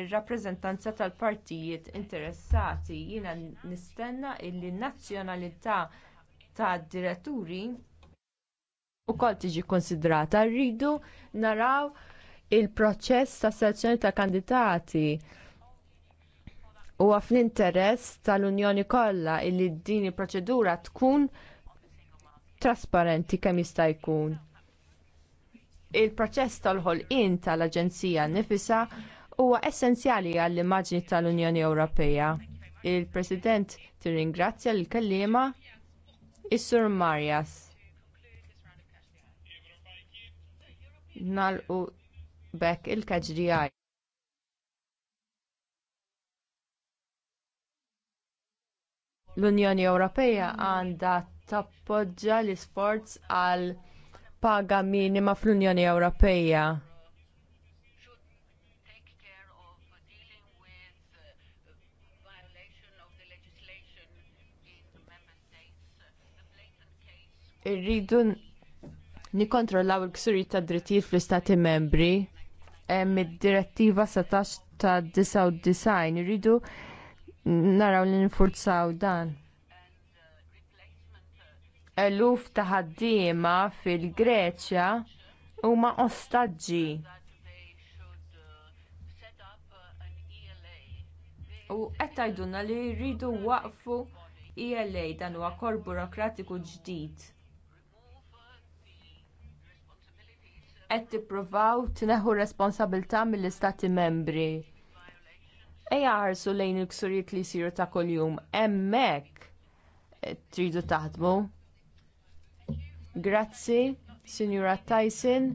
ir-rappreżentanza tal-partijiet interessati jiena nistenna li n-nazzjonalità tad-diretturi wkoll tiġi kkunsidrata rridu naraw il-proċess ta' selezzjoni ta' kandidati huwa fl-interess tal-unjoni kollha li din il-proċedura tkun trasparenti kemm jista' jkun il-proċess tal-ħolqien tal-aġenzija nnifisha huwa essenzjali għall-immaġni tal-Unjoni Ewropea. Il-President tirringrazzja l kelliema is-Sur Marjas. Nalqu bekk il-KGDI. l-Unjoni Ewropea għandha tappoġġja l-isforz għal paga minima fl-Unjoni Ewropea Irridu nikkontrollaw il-ksuri ta' drittijiet fl-istati membri hemm id-direttiva 17 ta' 99 irridu naraw li nifurzaw dan. Eluf ta' ħaddiema fil-Greċja huma ostaġġi. U qed tgħidulna li rridu waqfu ELA dan huwa kor burokratiku ġdid. qed tippruvaw tneħħu responsabilità mill-istati membri. Ejja ħarsu lejn il-ksurijiet li jsiru ta' kuljum hemmhekk tridu taħdmu. Grazzi, Sinjura Tyson.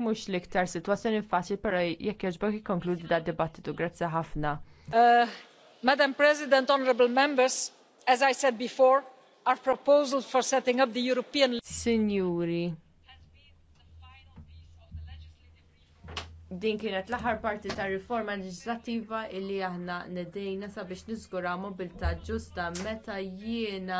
Mhux l-iktar sitwazzjoni faċli, però jekk jogħġbok jikkonkludi da' dibattitu. Grazzi ħafna. Uh, Madam President, honorable members, as I said before, our proposal for setting up the European Signori. din kienet l-aħħar parti tar riforma leġislattiva illi aħna nedejna sabiex niżguraw mobilità ġusta meta jiena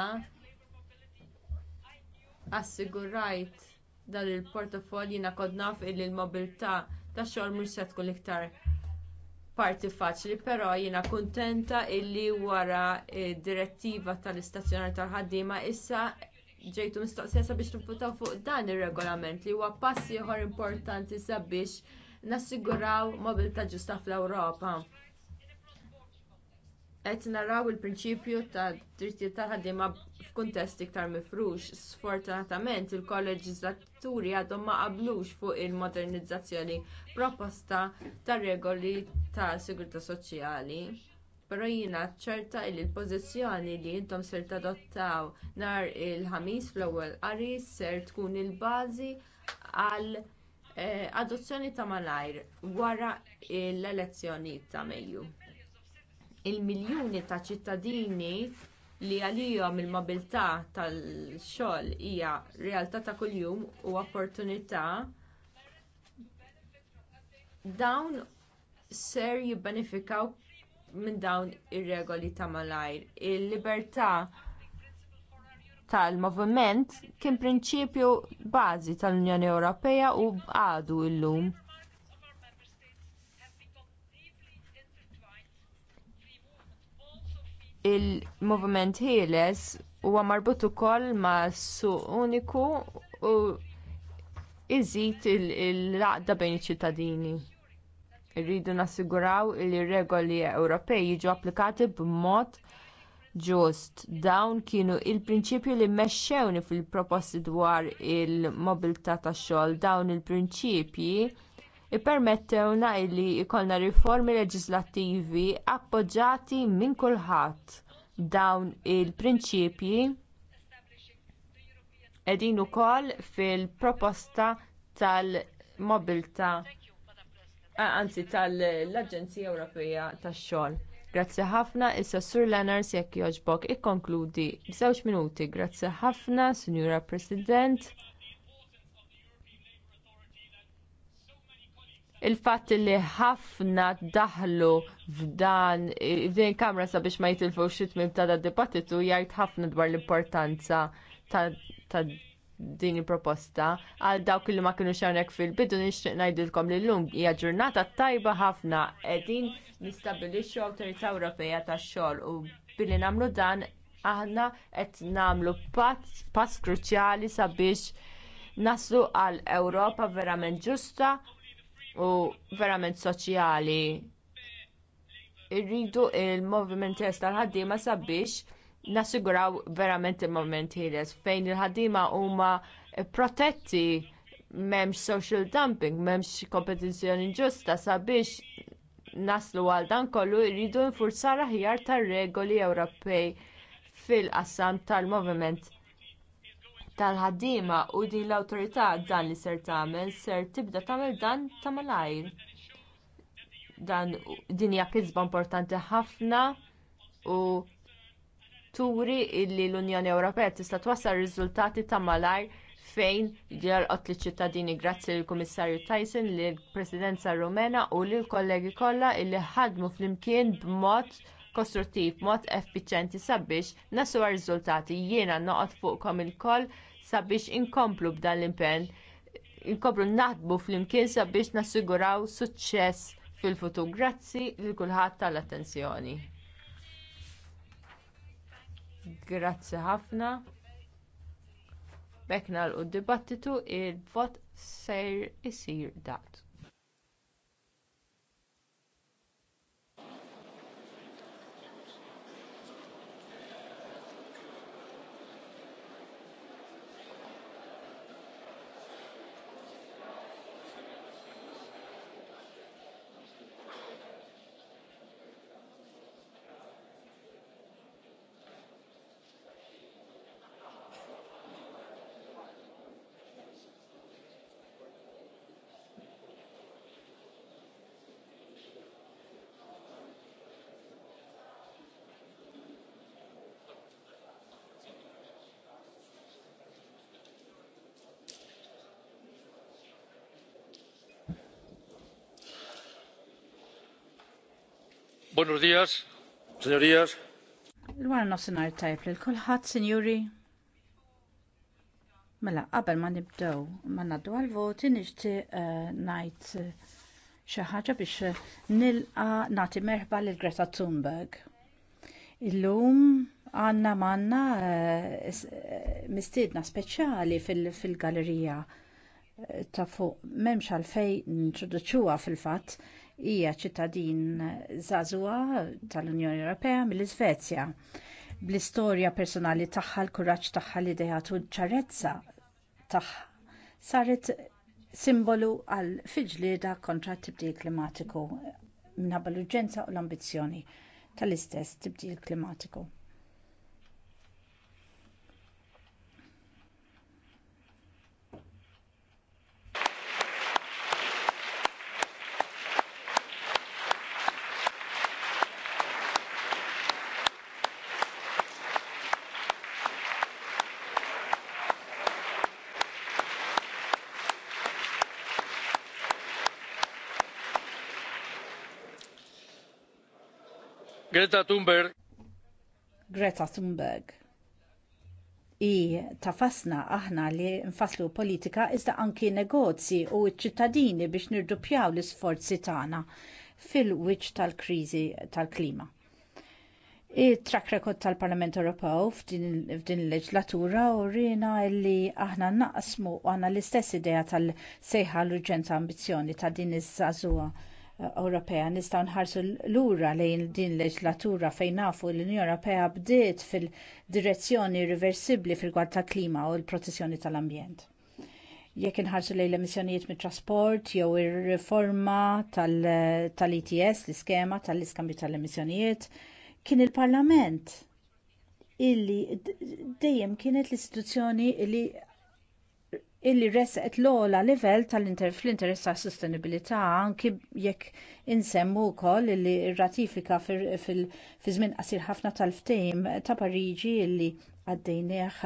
assigurajt dan il-portofol jiena kont naf illi l-mobilità tax-xogħol mhux se tkun iktar parti faċli, però jiena kuntenta illi wara d direttiva tal-istazzjonar tal-ħaddiema issa ġejtu mistoqsija sabiex nifutaw fuq dan ir-regolament li huwa pass ieħor importanti sabiex nassiguraw mobilità ġusta fl-Ewropa. Qed naraw il-prinċipju ta' drittijiet tal-ħaddiema f'kuntest iktar mifrux. Sfortunatament il-kolleġislaturi għadhom ma qablux fuq il-modernizzazzjoni proposta tar regoli tas-sigurtà soċjali. Però jiena ċerta li l-pożizzjoni li intom ser tadottaw nhar il-ħamis fl-ewwel qari ser tkun il-bażi għal Eh, adozzjoni ta' malajr wara l-elezzjoni ta' Mejju. Il-miljuni ta' ċittadini li għalihom il-mobilità tal-xogħol hija realtà ta' kuljum u opportunità dawn ser jibbenefikaw minn dawn ir-regoli ta' malajr. Il-libertà tal-moviment kien prinċipju bażi tal-Unjoni Ewropea u għadu llum. Il-moviment ħieles huwa marbut ukoll ma' suq uniku u iżid il-laqda bejn iċ-ċittadini. Irridu nassiguraw li r regoli Ewropej jiġu applikati b'mod ġust. Dawn kienu l prinċipju li mmexxewni fil-proposti dwar il-mobilità tax-xogħol. Dawn il-prinċipji ippermettewna li jkollna riformi leġislattivi appoġġjati minn kulħadd. Dawn il-prinċipji qegħdin ukoll fil-proposta tal-mobilità anzi tal-Aġenzija Ewropea tax-xogħol. Grazzi ħafna, issa Sur Lenars jekk jogħġbok ikkonkludi b'żewġ minuti. Grazzi ħafna, Sinjura President. Il-fatt li ħafna daħlu f'dan f'din kamra sabiex ma jitilfux xi tmiem ta' dibattitu jgħid ħafna dwar l-importanza ta' din il-proposta għal dawk li ma kienu xarnek fil-bidu nixtieq ngħidilkom li llum hija ġurnata tajba ħafna qegħdin nistabilixxu Awtorità Ewropea tax-xogħol u billi nagħmlu dan aħna qed nagħmlu pass kruċjali sabiex naslu għal Ewropa verament ġusta u verament soċjali. Irridu il-moviment tal-ħaddiema sabiex nassiguraw verament il-moment ħieles fejn il-ħaddiema huma protetti m'hemmx social dumping, m'hemmx kompetizzjoni ġusta sabiex naslu għal dan kollu jridu nfurzar aħjar tar-regoli Ewropej fil-qassam tal-moviment tal-ħaddiema u din l-awtorità dan li ser tagħmel ser tibda tagħmel dan ta' malajr. Dan din hija kisba importanti ħafna u turi illi l-Unjoni Ewropea tista' twassal riżultati ta' malajr fejn ġarqot liċ ċittadini grazzi lill kummissarju Tyson, lill presidenza Rumena u lill kollegi kollha illi ħadmu flimkien b'mod kostruttiv, mod effiċjenti sabiex naslu riżultati jiena noqgħod fuqkom ilkoll sabiex inkomplu b'dan l-impenn, inkomplu naħdmu flimkien sabiex nassiguraw suċċess fil-futur. Grazzi lil kulħadd tal-attenzjoni. Grazzi ħafna. Bekna l-dibattitu il-vot ser isir dat. Buenos días, señorías. Il-wara nofsinhar tajb lil kulħadd, sinjuri. Mela, qabel ma nibdew ma ngħaddu għal-voti nixtieq eh, ngħid eh, xi ħaġa biex eh, nilqa nagħti merħba lil Greta Thunberg. Illum għandna manna mistiedna speċjali fil-gallerija ta' fuq m'hemmx għalfejn introduċuha fil-fatt hija ċittadin żagħżugħa tal-Unjoni Ewropea mill-Iżvezja. Bl-istorja personali tagħha, l-kuraġġ tagħha li dejatu ċarezza tagħha saret simbolu għal fiġlieda kontra t-tibdil klimatiku minħabba l-urġenza u l-ambizzjoni tal-istess tibdil klimatiku. Greta Thunberg. Greta Thunberg. I tafasna aħna li nfasslu politika iżda anki negozji u ċittadini biex nirdupjaw l-isforzi tagħna fil-wiċċ tal-kriżi tal-klima. Il-track record tal-Parlament Ewropew f'din il-leġlatura u rina li aħna naqsmu għandna l-istess idea tal-sejħa l-urġenza ambizzjoni ta' din iż-żagħżugħa Ewropea nistgħu nħarsu lura lejn din leġislatura fejn nafu l-Unjoni Ewropea bdiet fil-direzzjoni irriversibbli fil-gwad tal klima u l-protezzjoni tal-ambjent. Jekk inħarsu lejn l-emissjonijiet mit trasport jew ir-riforma tal-ETS, l-iskema tal-iskambju tal-emissjonijiet, kien il-Parlament illi dejjem kienet l-istituzzjoni li illi resqet l-ogħla livell fl interess tas sostenibilità anki jekk insemmu wkoll li rratifika fi żmien qasir ħafna tal-ftehim ta' Pariġi illi għaddejnieh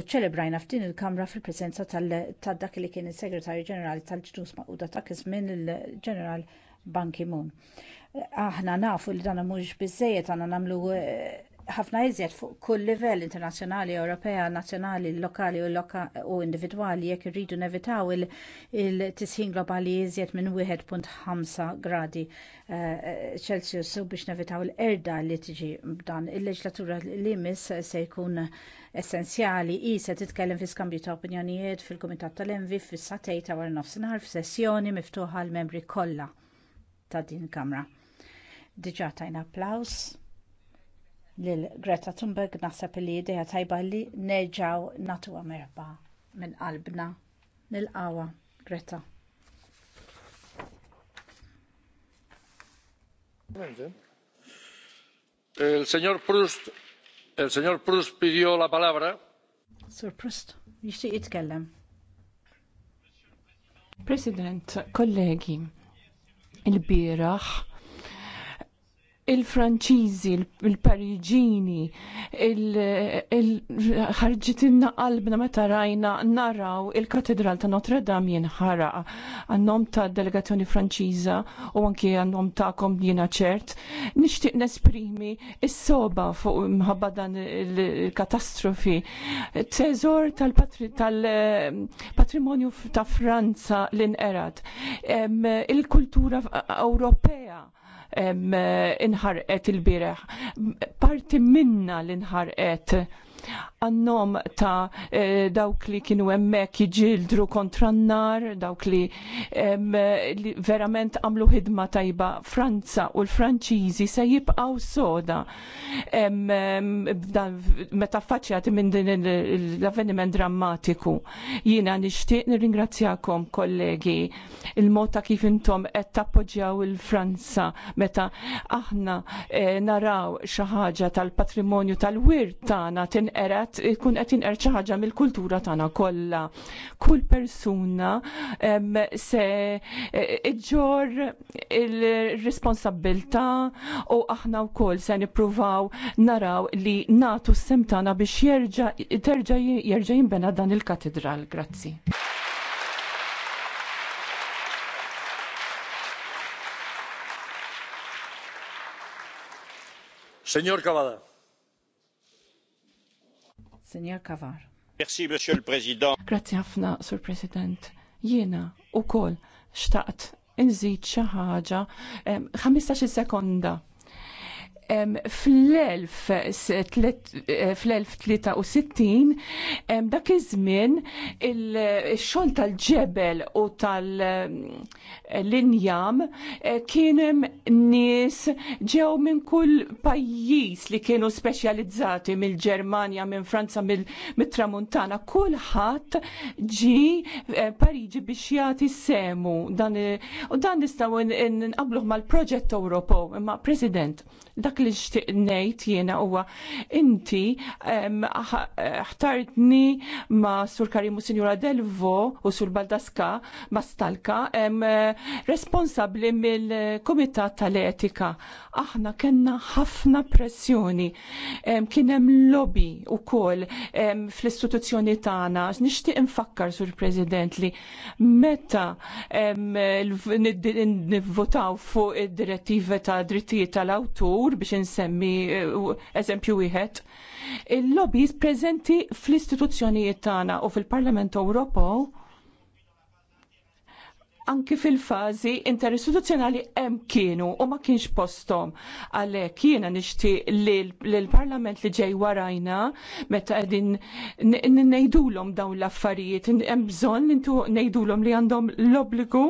u ċelebrajna f'din il-Kamra fil-preżenza ta' dak li kien is-Segretarju Ġenerali tal-Ġnus Maquda ta' kismin il-Ġeneral Ban Ki-moon. Aħna nafu li dan mhux biżżejjed għandna nagħmlu eh, ħafna iżjed fuq kull livell internazzjonali, Ewropea, nazzjonali, lokali u, loka, u individwali jekk irridu nevitaw il-tisħin il globali iżjed minn 1.5 gradi uh, Celsius u biex nevitaw l-erda li tiġi b'dan. Il-leġlatura li jmiss se jkun essenzjali i se titkellem fi skambju ta' opinjonijiet fil-Kumitat tal-Envi fis-satej ta' wara nofsinhar f'sessjoni miftuħa l-membri kollha ta' din il-Kamra. Diġà tajna applaus lil Greta Thunberg nasab li ideja tajba li nerġaw natuha merba minn qalbna nilqawha Greta. El señor Proust, el señor Proust pidió la palabra. Sir Proust, jitkellem. President, kollegi, il il-Franċiżi, il-Pariġini, il ħarġitinna qalbna meta rajna naraw il-Katedral ta' Notre Dame jinħaraq għannom ta' delegazzjoni Franċiża u anki għannom ta' kom ċert. Nixtieq nesprimi is-soba fuq mħabba dan il-katastrofi. Teżor tal-patrimonju ta' Franza l-inqerad. Il-kultura Ewropea inħarqet il-bireħ. Parti minna l-inħarqet għannom ta' eh, dawk li kienu emmek jġildru kontra n-nar, dawk li, verament għamlu ħidma tajba Franza u l-Franċiżi se jibqaw soda em, em, meta faċjat minn din l-avveniment drammatiku. Jina nishtiq nirringrazzjakom kollegi il-mod ta' kif intom qed tappoġġjaw il-Franza meta aħna eh, naraw xi ħaġa tal-patrimonju tal-wirt tagħna tin inqeret, ikun qed tinqer xi ħaġa mill-kultura tagħna kollha. Kull persuna se e, iġġor il-responsabilta u aħna wkoll se nippruvaw naraw li natu s-sem tagħna biex jerġa' jerġa' jinbena dan il-katedral. Grazzi. Señor Cavada. Senjor Kavar. Merci, Monsieur le President. Grazie ħafna, Sur President. Jena u kol xtaqt nżid xaħġa, 15 sekonda fl-1063 eh, dak iż-żmien il-xogħol tal-ġebel u tal-linjam eh, kien hemm nies ġew minn kull pajjiż li kienu speċjalizzati mill-Ġermanja, minn Franza, mit-Tramuntana, kulħadd ġi eh, Pariġi biex jagħti semu dan u dan nistgħu nqabluh mal-proġett Ewropew. Imma President, dak li xtiq ngħid jiena huwa inti ħtartni ma' Sur Karimu Sinjura Delvo u Sur Baldaska ma' Stalka responsabbli mill-Kumitat tal-Etika. Aħna kellna ħafna pressjoni. Kien hemm lobby ukoll fl-istituzzjoni tagħna. Nishtiq infakkar Sur President li meta nivvotaw fuq id-direttiva ta' drittijiet tal-awtur settur biex insemmi eh, eżempju wieħed. Il-lobbies preżenti fl-istituzzjonijiet tagħna u fil-Parlament Ewropew anki fil-fazi interistituzzjonali hemm kienu u ma kienx postom. Għalhekk jiena nixtieq li l-Parlament li ġej warajna meta qegħdin ngħidulhom dawn l-affarijiet hemm bżonn intu ngħidulhom li għandhom l-obbligu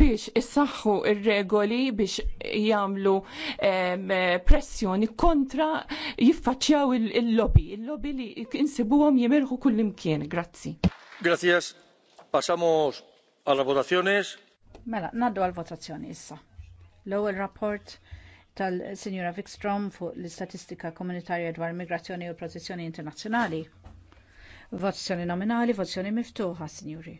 biex issaħħu ir-regoli biex jagħmlu pressjoni kontra jiffaċċjaw il-lobby, il-lobby li insibuhom jimirħu kullimkien. Grazzi. Grazzi. Passamos alla votazzjones. Mela, naddu għal votazzjoni issa. L-ewwel rapport tal-Sinjura Vikstrom fuq l-Istatistika Komunitarja dwar Migrazzjoni u Protezzjoni Internazzjonali. Votazzjoni nominali, votazzjoni miftuħa, Sinjuri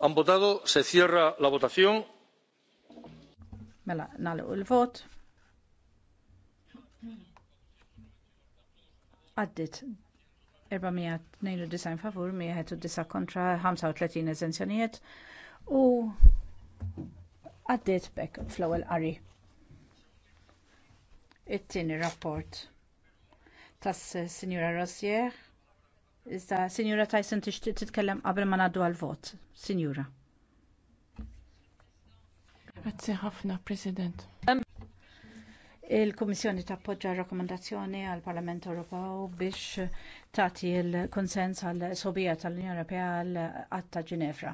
han votado se cierra la votación mela nagħlqu l-vot għaddiet 492 favur 109 kontra 35 eżenzjonijiet u għaddiet b'hekk fl-ewwel qari it-tieni rapport tas-sinjura Rossier Iżda, Sinjura Tyson, tixtieq titkellem qabel ma ngħaddu għal-vot. Sinjura. Grazzi ħafna, President. Il-Kummissjoni tappoġġa r rakkomandazzjoni għall Parlament Ewropew biex tagħti l-konsens għal sobija tal-Unjoni Ewropea għal atta Ġinevra.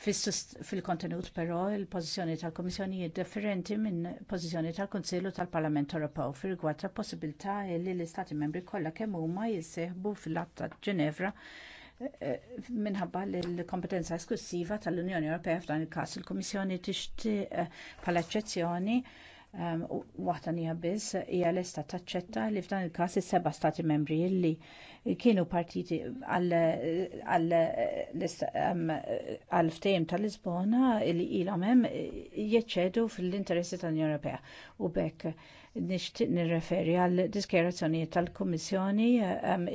Fil-kontenut però il-pożizzjoni tal-Komissjoni hija differenti minn pożizzjoni tal-Kunsillu tal-Parlament Ewropew fir-rigward tal-possibilità li l-Istati membri kollha kemm huma jissieħbu fil-att ta' Ġinevra eh, minħabba l-kompetenza esklusiva tal-Unjoni Ewropea f'dan il-każ il-Kummissjoni tixtieq eh, bħala eċċezzjoni waħda nija biss hija lesta taċċetta li f'dan il-każ is-seba' stati membri li kienu partiti għal ftehim tal-Lisbona li ilhom hemm jeċċedu fl-interessi tal-Unjoni Ewropea u bekk nixtieq nirreferi għal diskjerazzjonijiet tal-Kummissjoni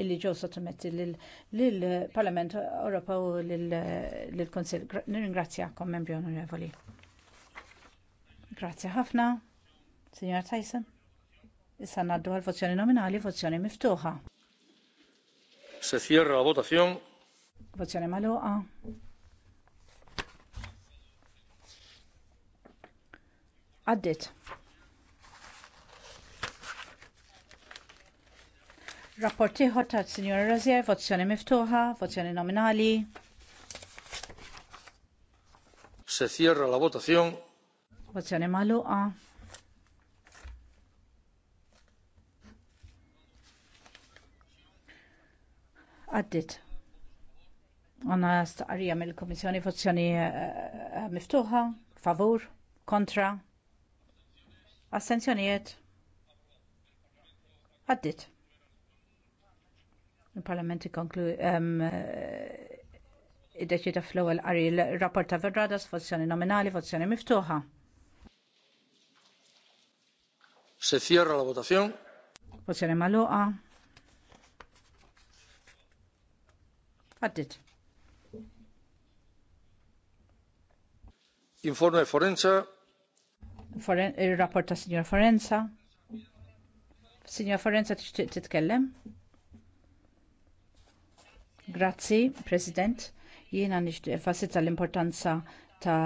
li ġew sottometti lill-Parlament Ewropew u lill-Kunsill. Nirringrazzjakom membri onorevoli. Grazzi ħafna. Signor Tyson, issa ngħaddu għal vozzjoni nominali, vozzjoni miftuħa. Se cierra la votazione. Vozzjoni maluqa. Għaddit. Rapport ieħor ta' Sinjor Razier, vozzjoni miftuħa, vozzjoni nominali. Se cierra la votazione. Vozzjoni maluqa. għaddit. Għanna staqarija mill-Komissjoni Fozzjoni eh, miftuħa, favur, kontra, assenzjonijiet, għaddit. Il-Parlament ikonklu um, ehm, eh, id-deċida fl-ewwel qari l rapporta Verradas vozzjoni nominali, vozzjoni miftuħa. Se cierra la votazione. Votazione maluqa. Għaddit. Informe Forenza. Il-rapport ta' Signor Forenza. Signor Forenza tixtieq titkellem? Grazzi, President. Jiena nixtieq enfasizza l-importanza ta'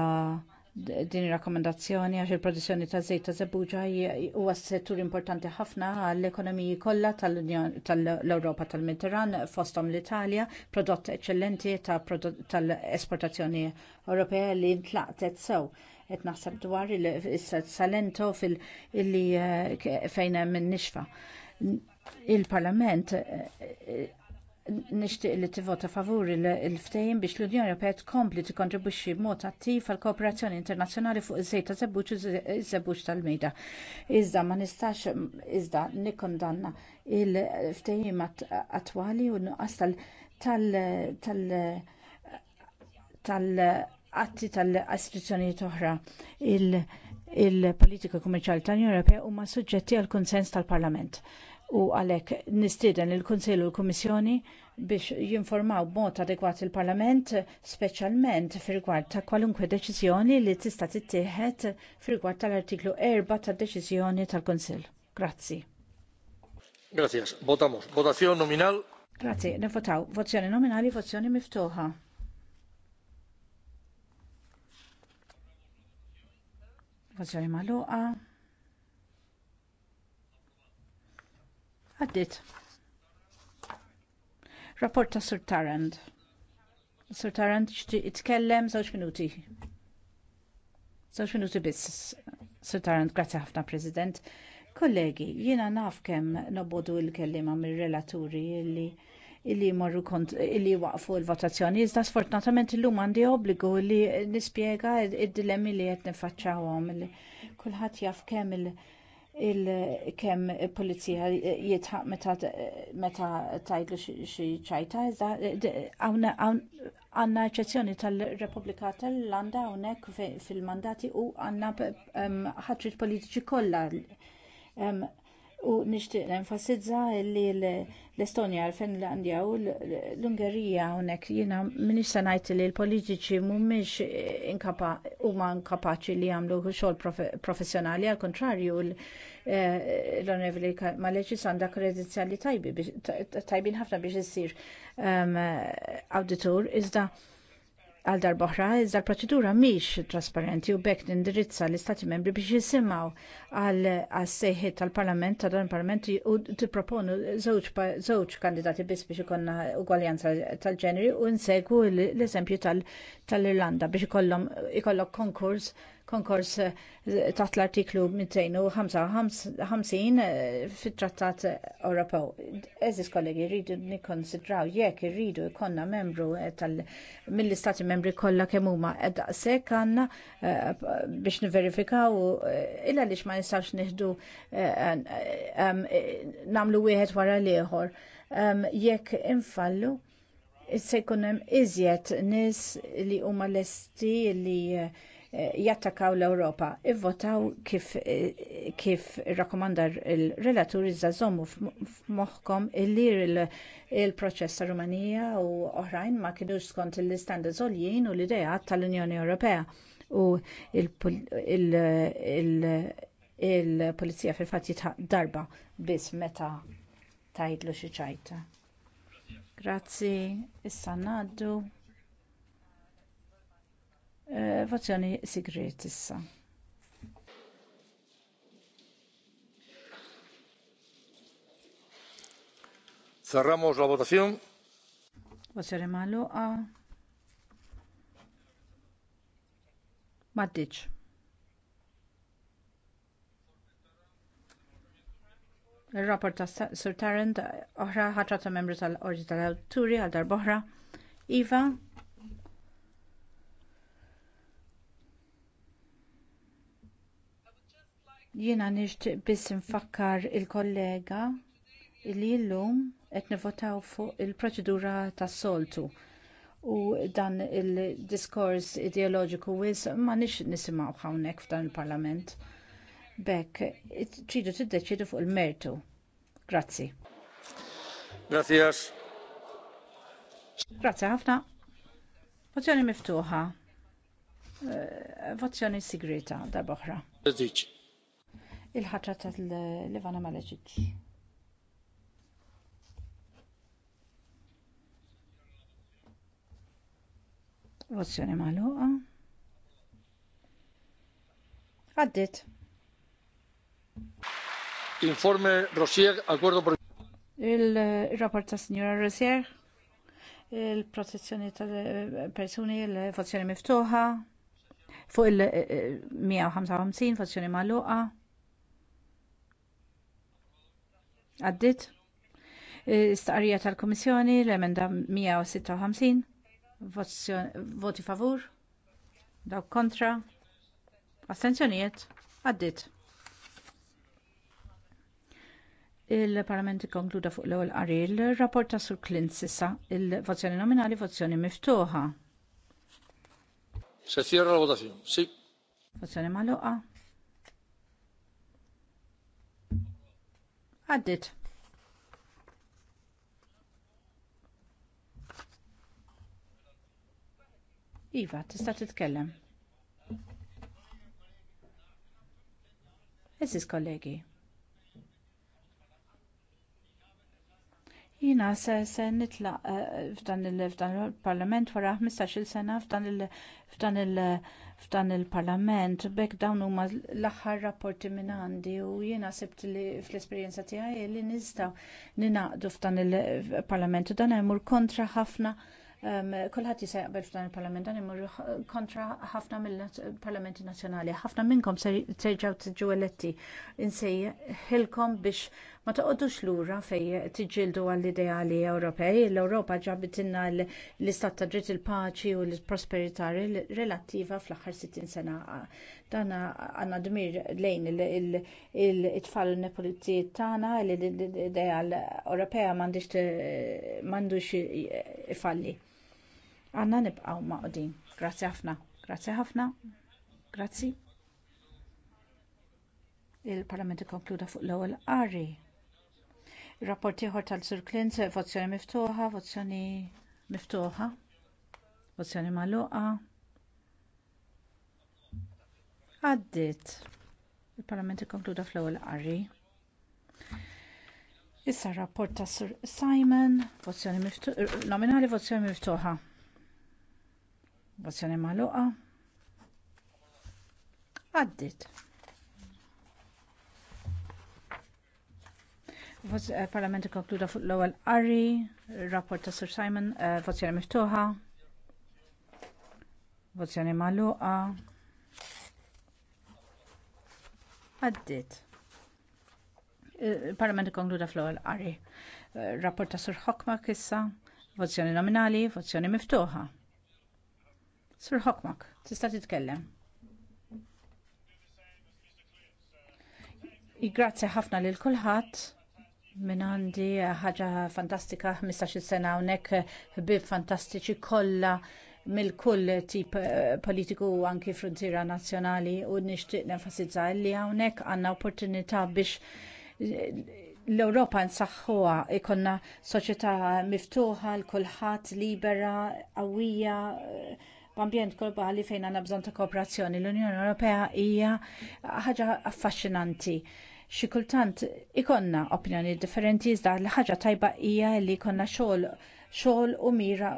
din ir-rakkomandazzjoni għax il-produzzjoni ta' żejt ta' żebbuġa huwa settur importanti ħafna għall-ekonomiji kollha tal-Ewropa tal-Mediterran fosthom l-Italja, prodott eċċellenti tal-esportazzjoni Ewropea li ntlaqtet sew qed naħseb dwar il-salento fil-li eh, fejn hemm nixfa. Il-Parlament eh, nixtieq li tivvota favur il-ftehim biex l-Unjoni Europea tkompli tikkontribwixxi b'mod attiv għal kooperazzjoni internazzjonali fuq iż-żejt ta' żebbuġ iż-żebbuġ tal-mejda. Iżda ma nistax iżda nikkondanna il-ftehim attwali u nuqqas tal-atti tal istituzzjonijiet oħra il-politika kummerċjali tal-Unjoni Ewropea huma suġġetti għal kunsens tal-Parlament u għalhekk nistieden il-Kunsill u l-Kummissjoni biex jinformaw b'mod adekwat il-Parlament speċjalment fil rigward ta' kwalunkwe deċiżjoni li tista' tittieħed fil rigward tal-artiklu 4 tad-deċiżjoni tal-Kunsill. Grazzi. Grazie. Votamos. Votazzjoni nominal. Grazzi. Nivotaw. Votazzjoni nominali, votazzjoni miftuħa. Votazzjoni magħluqa. Għaddit. Rapport ta' Sir Tarand. Sir Tarand itkellem żewġ minuti. Żewġ minuti biss. Sir Tarand, grazzi ħafna President. Kollegi, jiena naf kem nobodu l-kellima mir-relaturi li illi marru kont illi waqfu l-votazzjoni. Iżda sfortunatament illum għandi obbligu li nispjega id-dilemmi li qed nifaċċawhom. Kulħadd jaf kemm il- il-kem polizija jitħaq meta meta tajdlu xi ċajta, iżda għandna eċezzjoni tal-Repubblika tal-Irlanda hawnhekk fil-mandati u għandna ehm, ħatrit politiċi kollha ehm, u nixtieq nenfasizza li l-Estonja, l-Finlandja u l-Ungerija hawnhekk jiena minix se ngħid li l-politiċi mhumiex huma inkapaċi li jagħmlu xogħol professjonali għal kontrarju eh, l-Onorevoli Maleċis għandha kredenzjali tajbin ħafna biex issir ehm, eh, awditur iżda għal darboħra, iżda l-proċedura mhix trasparenti u bekk indirizza l-Istati membri biex jisimgħu għal sejħiet tal-Parlament ta' dan parlament u tipproponu żewġ kandidati biss biex ikollna ugwaljanza tal-ġeneri u nsegwu l-eżempju tal-Irlanda biex ikollok konkurs konkors eh, taħt l-artiklu 255 eh, fit-Trattat Ewropew. Eżis kollegi rridu nikkonsidraw jekk irridu jkollna membru eh, mill-istati membri kollha kemm huma daqshekk għandna biex niverifikaw illa lix ma nistax nieħdu nagħmlu wieħed wara l-ieħor. Jekk infallu se jkun hemm iżjed nies li huma lesti li jattakaw l-Ewropa. Ivvotaw kif, kif il-relatur iżda żommu f'moħħkom illi il-proċess ta' Rumanija u oħrajn ma kinux skont l-istandards għoljien u l idejat tal-Unjoni Ewropea u il-Polizija fil-fatt jitħaq darba biss meta tajdlu xi ċajta. Grazzi, issa ngħaddu. Eh, votazzjoni sigret issa. Cerramos la votación. Votazione maluqa. Maddiċ. Il-rapport ta' Sir Tarrant oħra ħatra ta' membri tal-Ordi tal-Awturi għal darbohra Iva, Jiena nixtieq biss nfakkar il-kollega li llum qed nivotaw fuq il-proċedura tas-soltu u dan il-diskors ideoloġiku wis ma nix nisimgħu hawnhekk f'dan il-Parlament. B'hekk tridu tiddeċidu fuq il-mertu. Grazzi. Grazzjas. Grazzi ħafna. Votazzjoni miftuħa. Eh, votazzjoni segreta darba oħra il-ħatra tal-Livana Maleġic. Vozzjoni Maluqa. Għaddit. Informe Rosier, accordo per... Il-rapport ta' signora Rosier, il-protezzjoni tal-persuni, il vozzjoni miftuħa, fuq il-155, vozzjoni magħluqa. Għaddit. Istqarrija e, tal-Komissjoni, l-emenda 156, voti favur, dawk kontra, astenzjonijiet, għaddit. Il-Parlament konkluda fuq l-ewwel qari l-rapport ta' Sur Klint sissa il vozzjoni nominali vozzjoni miftuħa. Se cierra la votazzjoni. Sì. Vozzjoni magħluqa. Għaddit. Iva, tista' titkellem. Eżis kollegi. Jina se se nitlaq eh, f'dan il-parlament wara 15-il sena f'dan il-parlament bekk dawn huma l-aħħar rapporti minn għandi u jiena sibt li fl-esperjenza tiegħi li nistgħu ninaqdu f'dan il-parlament u dan jmur kontra ħafna Kulħadd jista' jaqbel f'dan il-parlament dan imur kontra ħafna mill-parlamenti nazzjonali. Ħafna minnkom terġgħu tiġu eletti insejħilkom biex Ma toqgħodux lura fejn tiġġieldu għall-ideali Ewropej. L-Ewropa ġabitilna l-istat ta' dritt il-paċi u l-prosperità relattiva fl-aħħar 60 sena. Dan għandna dmir lejn il-tfal nepoliti tagħna li l-ideal Ewropea m'għandux ifalli. Għanna nibqgħu maqdin. Grazzi ħafna. Grazzi ħafna. Grazzi il-Parlament ikkonkluda fuq l-ewwel qari Rapport ieħor tal-Sur Clint, vozzjoni miftuħa, vozzjoni miftuħa, vozzjoni magħluqa. Għaddit. Il-Parlament ikkonkluda fl-ewwel qari. Issa rapport ta' Sur Simon, vozzjoni er, miftuħa, nominali vozzjoni miftuħa. Vozzjoni magħluqa. Għaddit. Vot eh, Parlamenti konkluda fuq l-ewwel qari, rapport ta' Sir Simon, eh, vozzjoni miftuħa. Vozzjoni magħluqa. Għaddit. Eh, Parlamenti konkluda fl-ewwel qari. Rapport ta' Sir Hokmak issa, Vozzjoni nominali, vozzjoni miftuħa. Sir Hokmak, tista' titkellem. Grazzi ħafna lil kulħadd Min għandi ħaġa fantastika 15 sena hawnhekk ħbieb fantastiċi kollha mill-kull tip eh, politiku anki frontiera nazzjonali u nixtieq nenfasizza li hawnhekk għandna opportunità biex eh, l-Ewropa nsaħħuha ikonna soċjetà miftuħa l kulħadd libera qawwija eh, b'ambjent globali fejn għandna bżonn ta' kooperazzjoni. L-Unjoni Ewropea hija ħaġa affaxxinanti xi kultant ikonna opinjoni differenti iżda li ħaġa tajba hija li jkollna xogħol xogħol u mira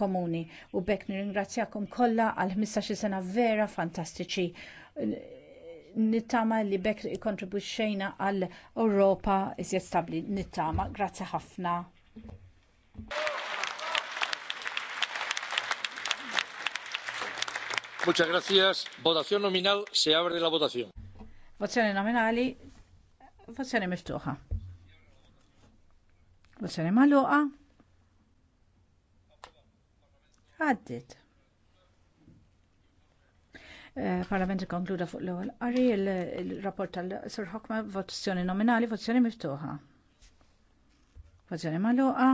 komuni u bekk nirringrazzjakom kollha għal 15 sena vera fantastiċi nittama li bekk kontribuxxejna għal Ewropa iżjed stabbli nittama. Grazzi ħafna. Muchas gracias. Votación nominal. Se abre la votación. Votazione nominali. Fassani miftuħa. Votazzjoni maluqa? Għaddit. Eh, Parlament konkluda fuq l-ewwel qari il-rapport tal-Sir Ħokma votazzjoni nominali, votazzjoni miftuħa. Votazzjoni magħluqa.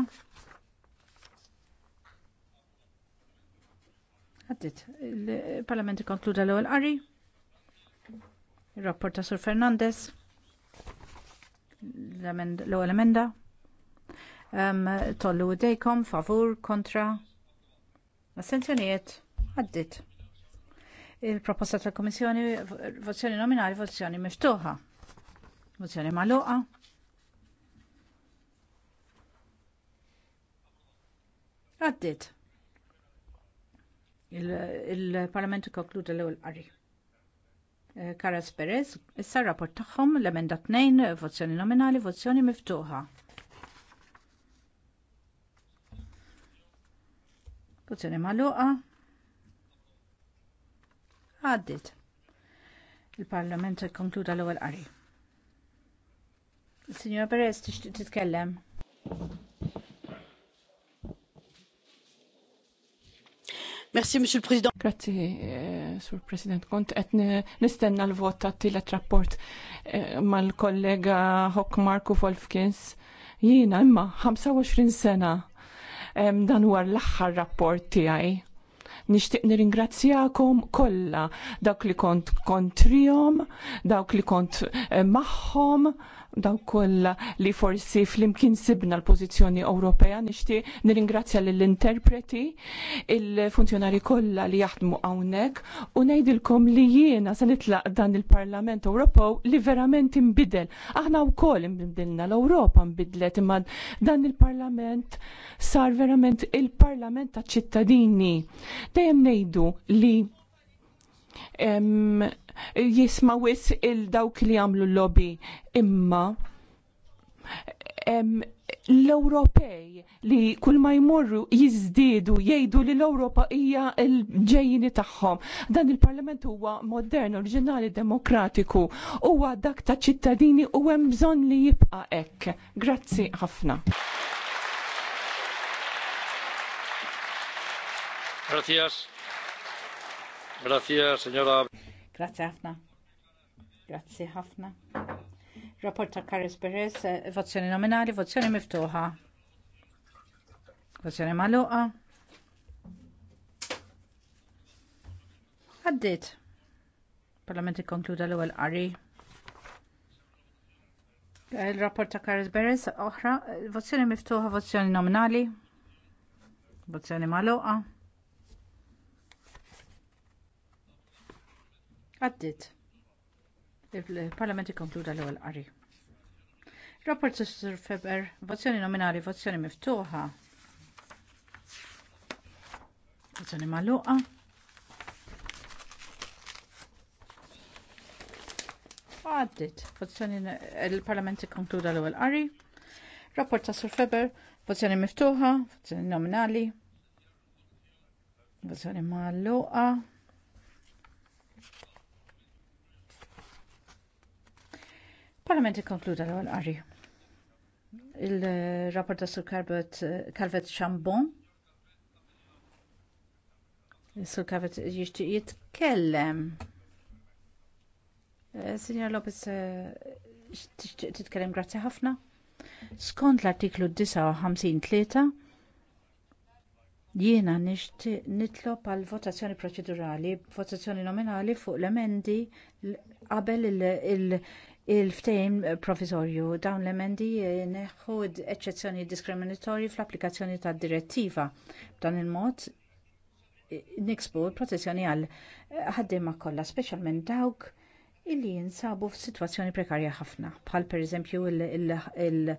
Għaddit, il-Parlament konkluda l-ewwel qari. Il-rapport ta' Sur Fernandez l-ewwel emenda. Tollu dejkom favur kontra assenzjonijiet għaddit. Il-proposta tal-Komissjoni vozzjoni nominali, vozzjoni miftuħa. Vozzjoni magħluqa. Għaddit. Il-Parlamentu konkluda l-ewwel qari. Karas eh, Perez, issa rapport tagħhom l-emenda 2, vozzjoni nominali, vozzjoni miftuħa. Vozzjoni magħluqa. Għaddit. Il-Parlament konkluda l-ewwel qari. Signora Perez, tixtieq titkellem? Merci, Monsieur le Président. Grazie, eh, Sur President. Kont qed nistenna l-vot ta' tielet rapport eh, mal-kollega Hock u Wolfkins. Jiena imma 25 sena dan war l-aħħar rapport tiegħi. Nixtieq nirringrazzjakom kollha dawk li kont kontrihom, dawk li kont eh, magħhom, daw kollha li forsi flimkien sibna l pozizjoni Ewropea nixtieq nirringrazzja lill-interpreti il-funzjonari kollha li jaħdmu hawnhekk u ngħidilkom li jiena se nitlaq dan il-Parlament Ewropew li verament imbidel. Aħna wkoll imbidilna l-Ewropa nbidlet imma dan il-Parlament sar verament il-Parlament taċ ċittadini. Dejjem ngħidu li jisma wis il-dawk li għamlu lobby imma l-Ewropej li kull ma jmorru jizdidu jgħidu li l-Ewropa hija l-ġejjini tagħhom. Dan il-Parlament huwa modern, oriġinali, demokratiku, huwa dak ta' ċittadini u hemm bżonn li jibqa' hekk. Grazzi ħafna. Grazie. Grazie, signora. Grazzi ħafna. Grazzi ħafna. Rapport ta' Karis Perez, vozzjoni nominali, vozzjoni miftuħa. Vozzjoni maluqa. Għaddit. Parlament ikkonkluda l-ewwel qari. Il-rapport ta' Karis Perez oħra, vozzjoni miftuħa, vozzjoni nominali, vozzjoni maluqa. Għaddit. Il-Parlament ikkonkluda l-ewwel qari. Rapport Sir Feber, vozzjoni nominali, vozzjoni miftuħa. Vozzjoni maluqa. Għaddit. Vozzjoni il-Parlament ikkonkluda l-ewwel qari. Rapport ta' Sir Feber, vozzjoni miftuħa, vozzjoni nominali, vozzjoni maluqa. Il-Parlament ikkonkluda l-ewwel qari. Il-rapport ta' Sur Calvet Chambon Sur Calvet jixtieq jitkellem. Eh, Signor Lopez, eh, tixtieq titkellem grazzi ħafna. Skont l-artiklu 59 jiena nixtieq nitlob għal votazzjoni proċedurali, votazzjoni nominali fuq l-emendi qabel il ftehim proviżorju dawn l-emendi neħħu eċċezzjoni diskriminatorji fl-applikazzjoni tad direttiva. B'dan il-mod niksbu l-protezzjoni għal ħaddiema kollha, speċjalment dawk illi jinsabu f'sitwazzjoni prekarja ħafna, bħal pereżempju il-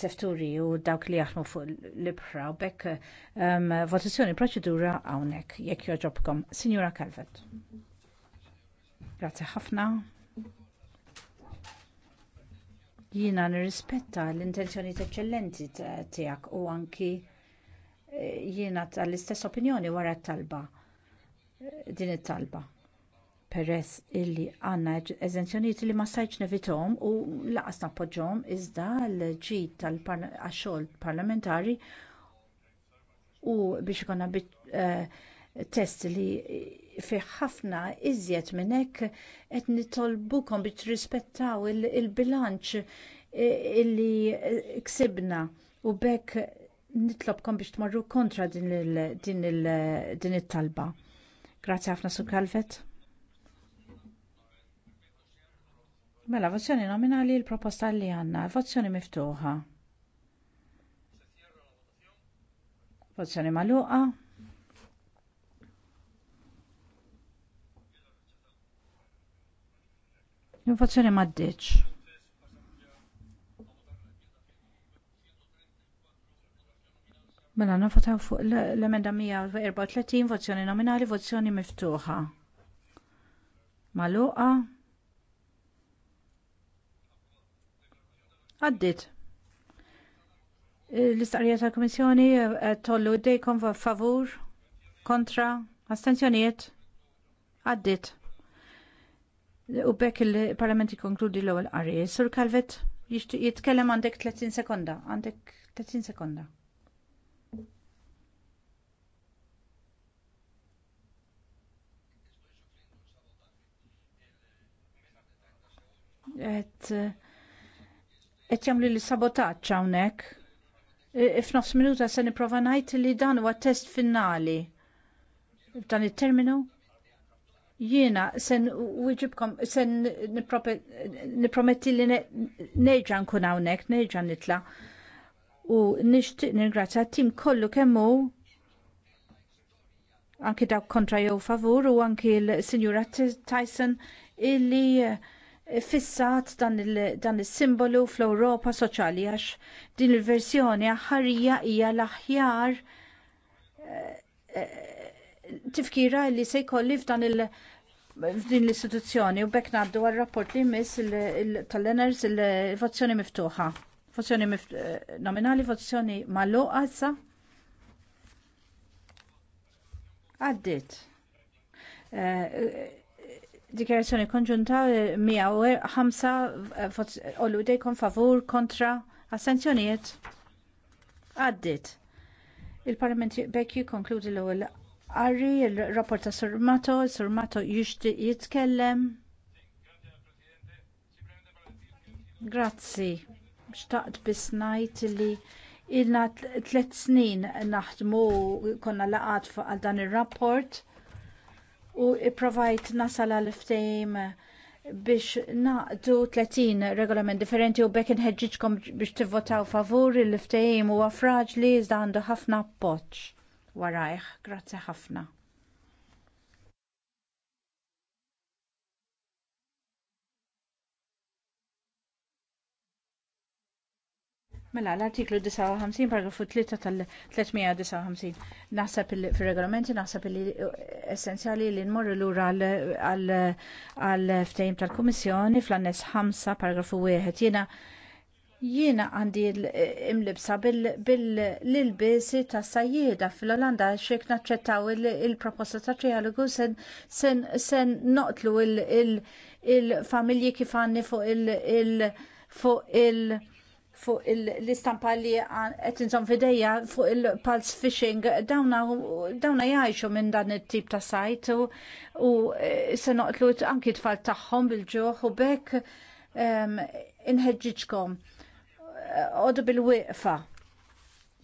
sefturi u dawk li jaħdmu fuq l-ibħra u bekk um, votazzjoni proċedura hawnhekk jekk joġobkom. Signora Calvet. Grazie ħafna. Jiena nirrispetta l-intenzjoni eċċellenti tiegħek u anki eh, jiena tal-istess opinjoni wara t-talba eh, din it-talba peress illi għandna eżenzjonijiet li ma stajtx nevitom u laqas nappoġġhom iżda l-ġid tal-xogħol parlamentari u biex ikonna bit eh, test li fi ħafna iżjed minn hekk qed nitolbukom biex tirrispettaw il-bilanċ e, illi e, ksibna u bekk nitlobkom biex tmorru kontra din it-talba. Grazzi ħafna Sur Kalvet. Mela, vozzjoni nominali l-proposta li għandna, Vozzjoni miftuħa. Vozzjoni magħluqa. Innovazzjoni maddiċ. Mela nafataw fuq l-emenda 134 vozzjoni nominali, vozzjoni miftuħa. Maluqa. Għaddit. Eh, l istarija tal-Komissjoni eh, tollu dejkom favur, kontra, astenzjoniet. Għaddit. U bekk il-Parlament jikonkludi l-ewwel qari. Sur Calvet jitkellem għandek 30 sekonda, għandek 30 sekonda. et et jamlu li sabotaġġ hawnhekk. F'nofs minuta se niprova ngħid li dan huwa test finali. Dan it-terminu Jiena sen uġibkom, sen nipprometti li neġan nkun hawnhekk, neġan nitla' u nixtieq ningrazzja tim kollu kemm hu anki dawk kontra jew favur u anki l-Sinjura Tyson illi eh, fissat dan is-simbolu fl-Ewropa Soċjali għax din il-versjoni aħħarija hija l-aħjar eh, eh, tifkira li se jkolli f'dan il- din l-istituzzjoni u bekk ngħaddu għal-rapport li jmiss tal-Leners il vozzjoni miftuħa. Vozzjoni eh, nominali, vozzjoni magħluqa issa. Għaddit. Eh, Dikjarazzjoni konġunta 105 eh, er- ollu kon favur kontra assenzjonijiet. Għaddit. Il-Parlament bekk jikkonkludi l-ewwel Ari, il-rapport ta' Surmato, Surmato jishti jitkellem. Grazzi. Xtaqt bisnajt ngħid li ilna tliet snin naħdmu konna laqat għal dan ir rapport u ipprovajt nasal għal ftehim biex naqdu 30 regolament differenti u bekk inħeġġiġkom biex tivvotaw favur il-ftehim huwa fraġli iżda għandu ħafna appoġġ warajh. Grazzi ħafna. Mela, l-artiklu 59, paragrafu 3 tal-359, naħseb il regolamenti naħseb li essenzjali li nmorru l-ura għal-ftejim tal-Komissjoni fl-annes 5, paragrafu 1, jena Jiena għandi imlibsa bil-ilbisi ta' sajjeda fil-Olanda xek naċċettaw il-proposta ta' trialogu sen noqtlu il-familji kif għanni fuq il- fuq l-istampa li qed inżomm fidejja fuq il-pulse fishing dawna jgħixu minn dan it-tip ta' sajt u e, se noqtlu anki tfal tagħhom bil-ġuħ u bekk inħeġġitkom għodu bil-wiqfa.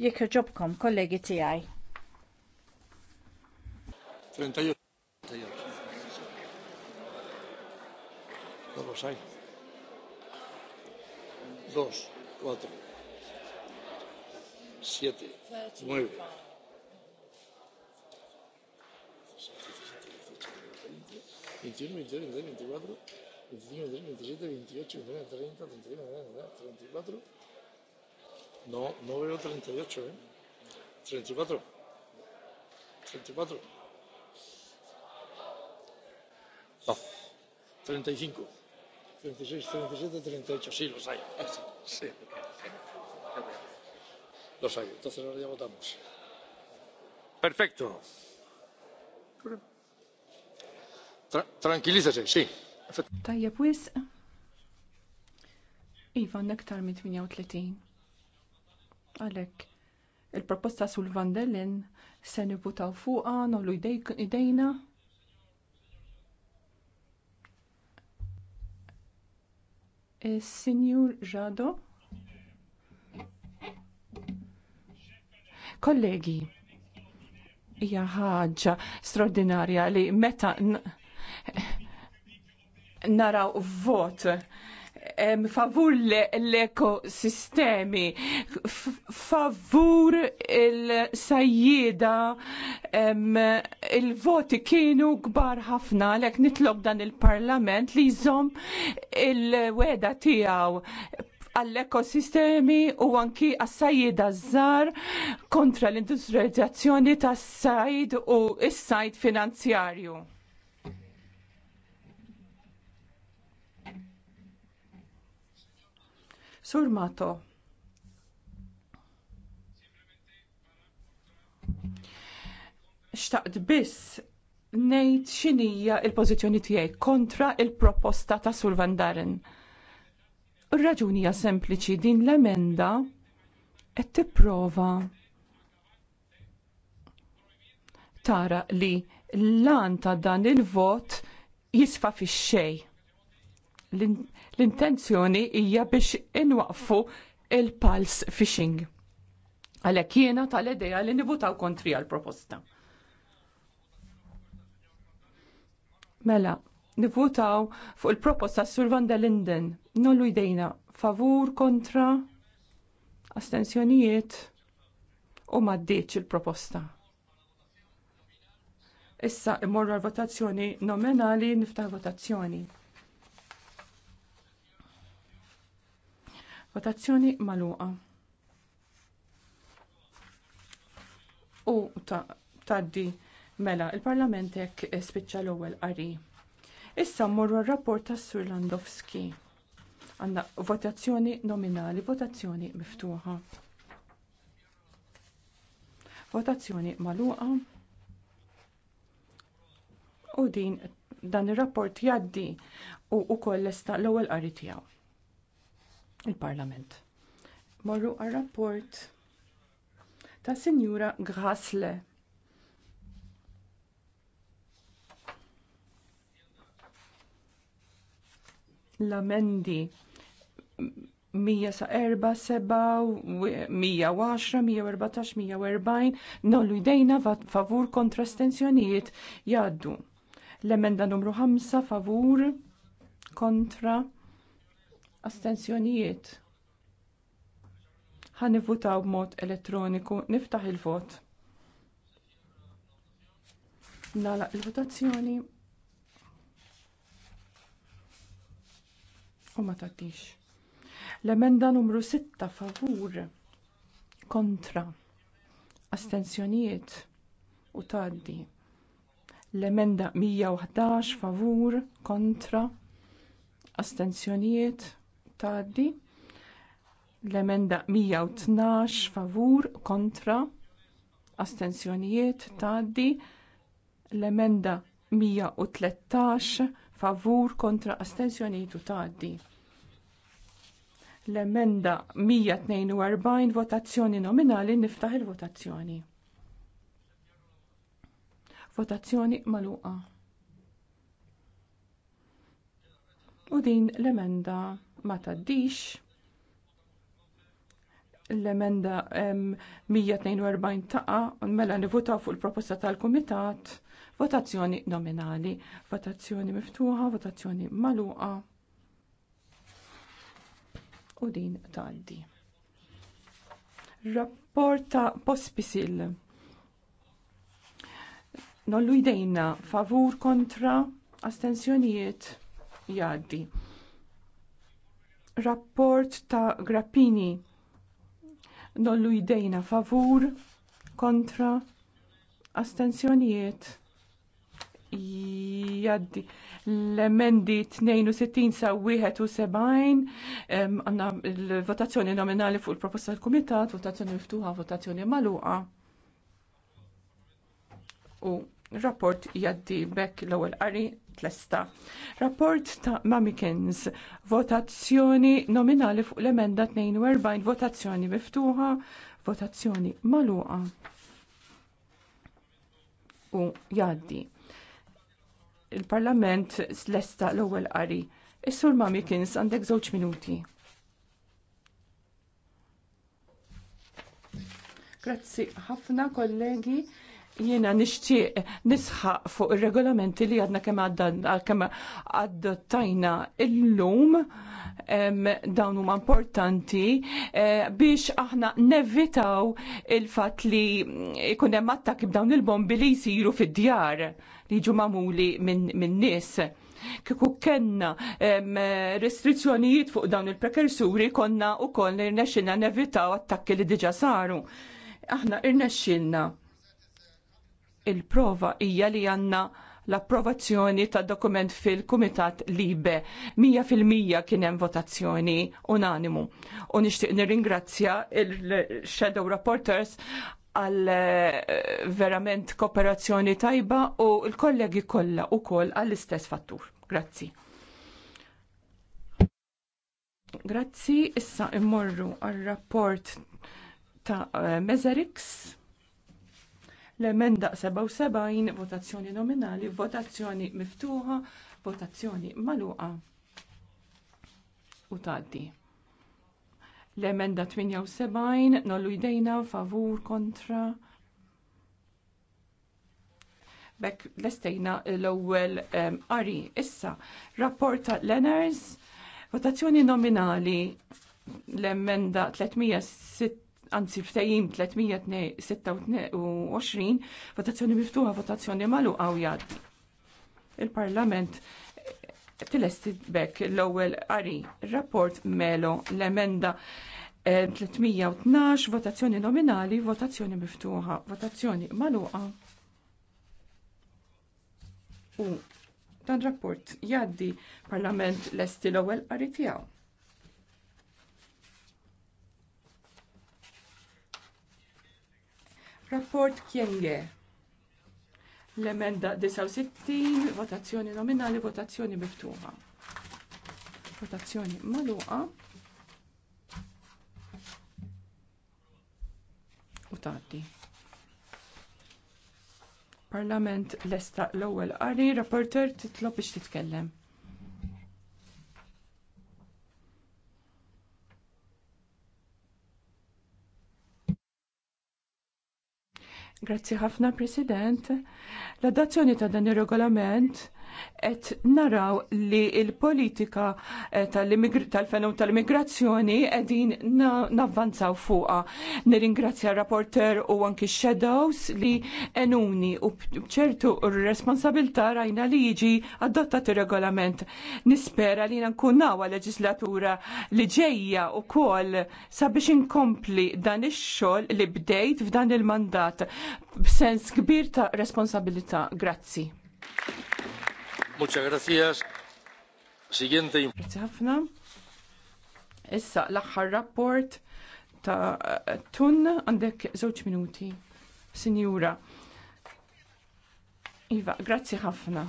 Jekk ġobkom, kollegi tiegħi. No los Dos, cuatro, siete, nueve. Veintiuno, veintidós, veintitrés, veinticuatro, veinticinco, veintiséis, veintiocho, veintinueve, treinta, treinta y uno, treinta y cuatro. No, no veo 38, ¿eh? 34. 34. No. 35. 36, 37, 38. Sí, los hay. Sí. Los hay. Entonces ahora ya votamos. Perfecto. Tra tranquilízese, sí. Tajja pues. Iva, nektar mit 38. Għalhekk il-proposta sul van se nivutaw fuqha nagħmlu idejna Is-Sinjur Rado. Kollegi, hija ħaġa straordinarja li meta naraw vot favur l-ekosistemi, favur il-sajjida, il-voti kienu gbar ħafna l nitlob dan il-parlament li jżom il-weda tijaw għall-ekosistemi u anki għas-sajjida żar kontra l-industrializzazzjoni tas-sajd u s-sajd finanzjarju. Sur Mato. Xtaqt biss ngħid x'inhija l-pożizzjoni tiegħi kontra il-proposta ta' Sur Van Daren. ir sempliċi din l-emenda qed tipprova tara li l-lan ta' dan il-vot jisfa fix xej L-intenzjoni hija biex inwaqfu il-pulse fishing. Għalhekk jiena tal-idea li nivutaw kontri għal-proposta. Mela, nivutaw fuq il-proposta Sur Van der Linden. Nollu jdejna favur kontra astensjonijiet u maddiċ il-proposta. Issa immorru votazzjoni nominali niftaħ votazzjoni. Votazzjoni maluqa. U taddi mela il-Parlament hekk spiċċa l-ewwel qari. Issa mmorru r-rapport tas Sur Landowski. Għandna votazzjoni nominali, votazzjoni miftuħa. Votazzjoni maluqa. U din dan ir-rapport jaddi u ukoll lesta l-ewwel qari tiegħu il-Parlament. Morru għal rapport ta' Sinjura Grasle. L-amendi 107-110-114-140 nollu jdejna favur kontra stenzjonijiet jaddu. L-emenda numru 5 favur kontra Astenzjonijiet. Ħa nivvutaw b'mod elettroniku. Niftaħ il-vot. Nagħlaq il-votazzjoni. U ma tatix. L-emenda numru 6 favur kontra astenzjonijiet u tgħaddi. L-emenda 111 favur kontra astenzjonijiet tardi. L-emenda 112 favur kontra astensjonijiet tgħaddi. L-emenda 113 favur kontra astensjonijiet tgħaddi. L-emenda 142 votazzjoni nominali niftaħ il-votazzjoni. Votazzjoni magħluqa. u din l-emenda ma taddix l-emenda 142 taqa mela nivutaw fuq il-proposta tal-Kumitat votazzjoni nominali, votazzjoni miftuħa, votazzjoni maluqa u din tgħaddi. Rapport ta' pospisil. Nollu jdejna favur kontra astensjonijiet jgħaddi. Rapport ta' Grappini. Nollu jdejna favur, kontra, astensjonijiet jaddi l-emendi 62 sa 71 għanna l-votazzjoni nominali fuq il-proposta tal-Kumitat, votazzjoni miftuħa, votazzjoni maluqa. U rapport jaddi bekk l-ewwel qari tlesta. Rapport ta' Mamikins, votazzjoni nominali fuq l-emenda 42, votazzjoni miftuħa, votazzjoni maluqa u jaddi. Il-Parlament lesta l-ewwel qari. Is-Sur Mamikins għandek żewġ minuti. Grazzi ħafna kollegi. Jiena nixtieq nisħaq fuq ir regolamenti li għadna kemm kemm il-lum dawn huma importanti eh, biex aħna nevitaw il-fatt li jkun hemm attakki b'dawn il-bombi li jsiru fid-djar li jiġu magħmuli minn min nies. Kiku kenna restrizzjonijiet fuq dawn il-prekursuri konna u koll irnexxinna nevitaw attakki li diġa saru. Aħna irnexxinna il-prova hija li għandna l-approvazzjoni ta' dokument fil-Kumitat Libe. Mija fil-mija kien hemm votazzjoni unanimu. U nixtieq nirringrazzja il-Shadow Reporters għal eh, verament kooperazzjoni tajba u l-kollegi kollha wkoll għall-istess fattur. Grazzi. Grazzi, issa immorru għal rapport ta' eh, Mezerix L-emenda 77, votazzjoni nominali, votazzjoni miftuħa, votazzjoni maluqa u taddi. L-emenda 78, nollu jdejna favur kontra. B'hekk lestejna l-ewwel qari. Issa, rapport ta' Lenners, votazzjoni nominali, l-emenda 360 anzi ftajim 326 votazzjoni miftuħa votazzjoni malu u jaddi. Il-Parlament tilesti bekk l-ewwel qari rapport Melo l-emenda 312 eh, votazzjoni nominali, votazzjoni miftuħa, votazzjoni magħluqa. U dan rapport jgħaddi Parlament lesti l-ewwel qari tiegħu. Rapport Kienge. L-emenda 69, votazzjoni nominali, votazzjoni miftuħa. Votazzjoni maluqa. U tardi. Parlament lesta l-ewwel qari, rapporter titlob biex titkellem. Grazzi ħafna, President. L-adazzjoni ta' dan ir regolament et naraw li il-politika eh, tal-fenom tal-immigrazzjoni edin navvanzaw fuqa. Nirringrazzja rapporter u anki shadows li enuni u bċertu responsabilta rajna li jiġi adottat il-regolament. Nispera li nankunawa leġislatura li ġejja u kol sabiex inkompli dan ix-xogħol li bdejt f'dan il-mandat b'sens kbir ta' responsabilità. Grazzi. Muchas gracias. Siguiente. ħafna. Issa l-aħħar rapport ta' Tun għandek żewġ minuti. Sinjura. Iva, grazzi ħafna.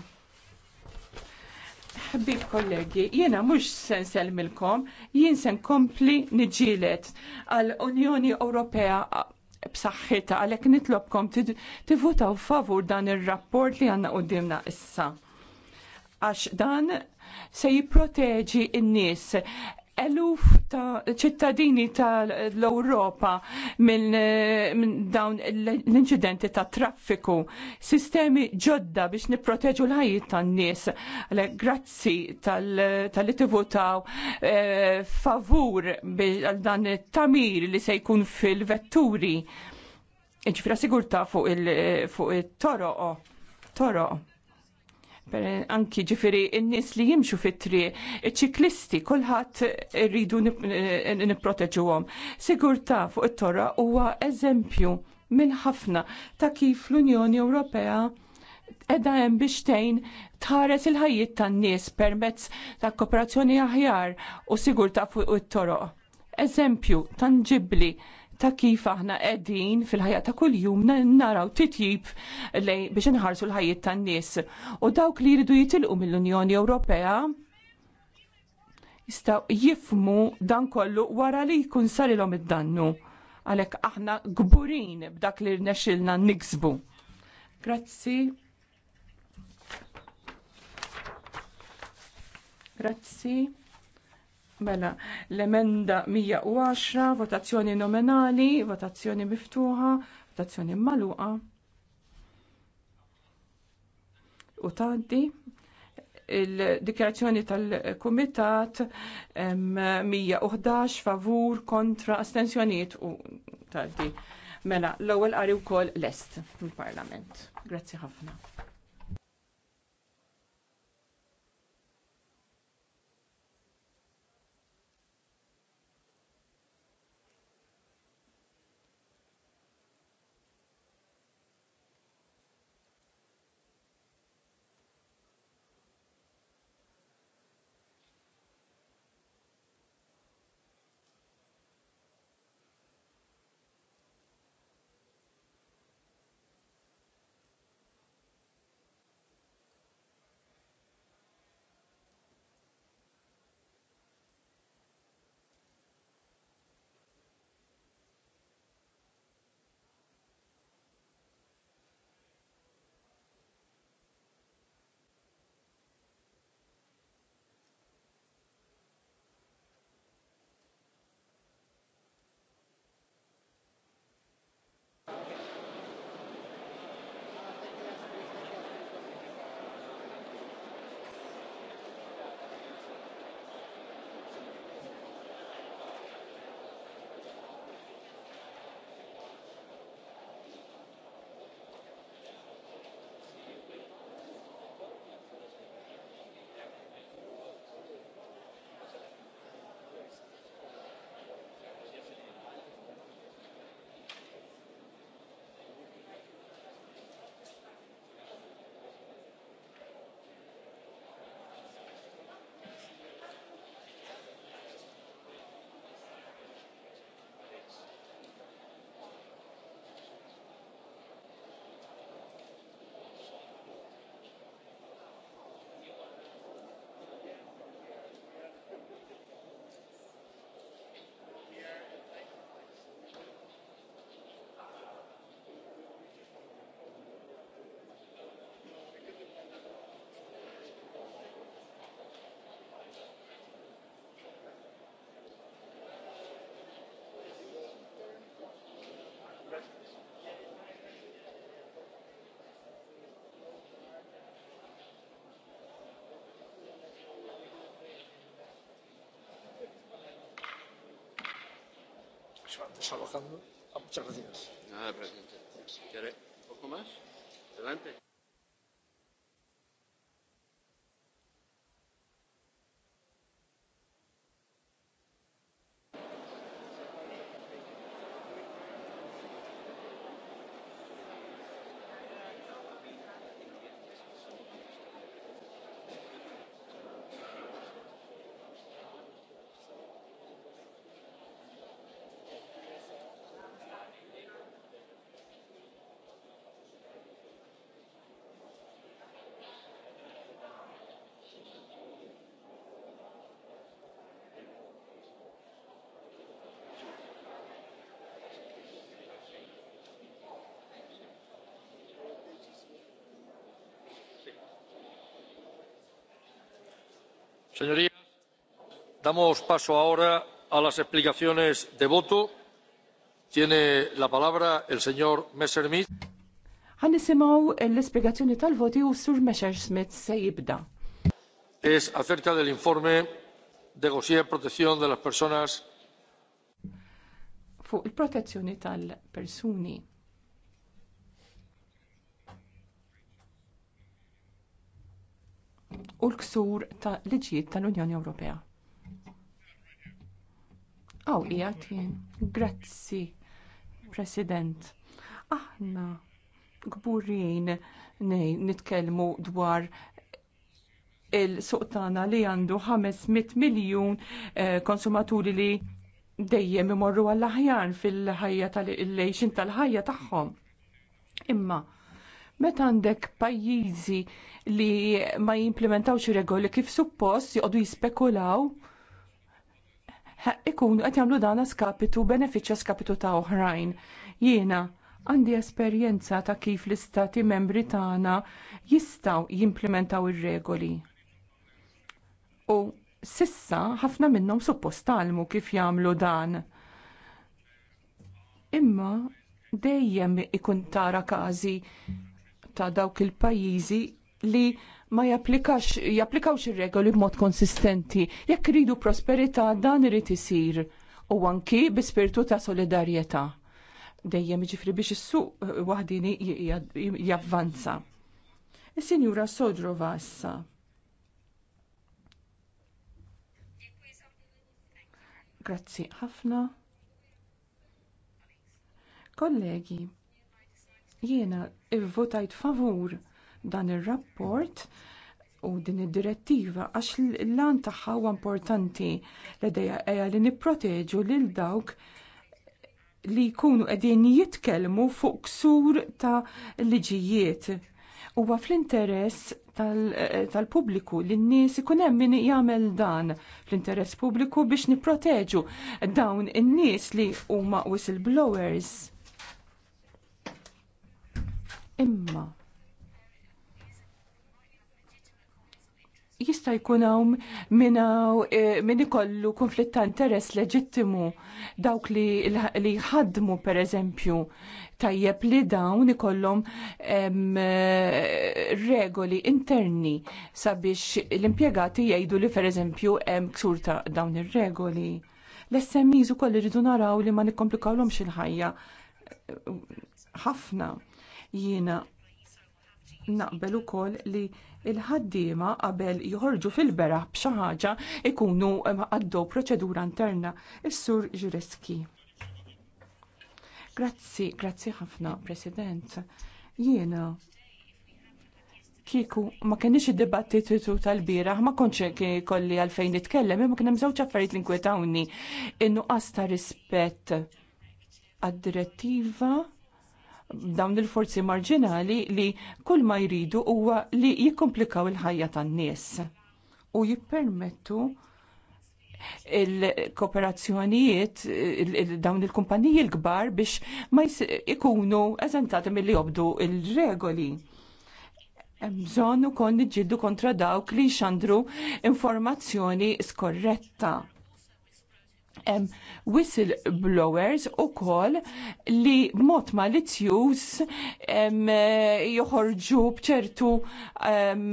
Ħbib kollegi, jiena mhux se nsellmilkom. jien se nkompli niġielet għall unjoni Ewropea b'saħħitha għalhekk nitlobkom tivvutaw favur dan ir-rapport li għandna qudiemna issa għax dan se jipproteġi n-nies eluf ta' ċittadini tal-Europa minn min dawn l-inċidenti ta' traffiku, sistemi ġodda biex niproteġu l-ħajjiet tan-nies. Grazzi tal-li tivutaw eh, favur għal dan it-tamir li se jkun fil-vetturi. Ġifra sigurta fuq il-toroq. Toroq anki ġifiri n-nis li jimxu fit ċiklisti, kullħat rridu għom. Eh, sigurta fuq it-torra huwa eżempju minn ħafna ta' kif l-Unjoni Ewropea edha hemm biex tgħin tħares il-ħajjiet tan-nies permezz ta' kooperazzjoni aħjar u sigurta fuq it-toroq. Eżempju tanġibli ta' kif aħna qegħdin fil-ħajja ta' kuljum naraw titjib biex inħarsu l-ħajjiet tan-nies. U dawk li jridu jitilqu mill-Unjoni Ewropea jistgħu jifmu dan kollu wara li jkun sarilhom id-dannu. Għalhekk aħna gburin b'dak li rnexxilna niksbu. Grazzi. Grazzi. Mela, l-emenda 110, votazzjoni nominali, votazzjoni miftuħa, votazzjoni maluqa. U tanti, il dikjazzjoni tal-Kumitat 111 favur kontra astensjoniet u tanti. Mela, l-ewwel qari wkoll lest fil parlament Grazzi ħafna. trabajando a muchas gracias. Nada, presidente. ¿Quiere ¿Poco más? Adelante. señorías damos paso ahora a las explicaciones de voto. tiene la palabra el señor messerschmidt. l-ispjegazzjoni tal-voti u sur messerschmidt se jibda. es acerca del informe de dossier protección de las personas fuq il-protezzjoni tal-persuni. u l-ksur ta' liġijiet tal-Unjoni Ewropea. Aw qiegħed jien. Grazzi, President. Aħna gburin nitkellmu dwar il-suqtana li għandu 500 miljun eh, konsumaturi li dejjem imorru għall-aħjar fil-ħajja tal-lejxin tal-ħajja tagħhom. Imma Meta għandek pajjiżi li ma jimplementawx regoli kif suppost joqdu jispekulaw, ikun qed jagħmlu dan skapitu benefiċċja skapitu ta' oħrajn. Jiena għandi esperjenza ta' kif l-istati membri tagħna jistgħu jimplementaw ir-regoli. U sissa ħafna minnhom suppost talmu kif jagħmlu dan. Imma dejjem ikun tara każi ta' dawk il-pajjiżi li ma japplikax, japplikawx ir-regoli b'mod konsistenti. Jekk iridu prosperità dan irid isir u anki bi spiritu ta' solidarjetà. Dejjem jiġifieri biex is-suq eh, waħdini javvanza. Is-Sinjura Sodrova issa. Grazzi ħafna. Kollegi, Jiena votajt favur dan ir-rapport u din id-direttiva għax l-lan tagħha huwa importanti l-idea hija li nipproteġu lil dawk li jkunu qegħdin jitkellmu fuq ksur ta' liġijiet. Huwa fl-interess tal-pubbliku tal li n-nies ikun hemm min jagħmel dan fl-interess pubbliku biex nipproteġu dawn in-nies li huma whistleblowers imma jista' jkun hawn e, min ikollu konflitt ta' interess leġittimu dawk li li jħaddmu pereżempju tajjeb li dawn ikollhom e, regoli interni sabiex l-impjegati jgħidu li pereżempju hemm ksur ta' dawn ir-regoli. L-SMEs ukoll irridu naraw li ma nikkomplikawlhomx il-ħajja e, ħafna Jiena naqbel ukoll li l ħaddiema qabel joħorġu fil-beraħ b'xi ħaġa ikunu għaddew proċedura interna. Is-sur Ġureski. Grazzi, grazzi ħafna, President. Jiena kieku ma kenniex id-dibattitu tal bieraħ ma konċ kolli għalfejn nitkellem, ma hemm żewġ affarijiet li nkwetawni. nuqqas ta' rispett għad-direttiva dawn il-forzi marġinali li kull ma jridu huwa li jikkomplikaw il-ħajja tan-nies u jippermettu il-kooperazzjonijiet dawn il-kumpaniji l-kbar biex ma jkunu eżentati mill-li jobdu il-regoli. Bżonn ukoll niġġieldu kontra dawk li xandru informazzjoni skorretta um, whistleblowers u kol li mod malizzjuż um, joħorġu bċertu um,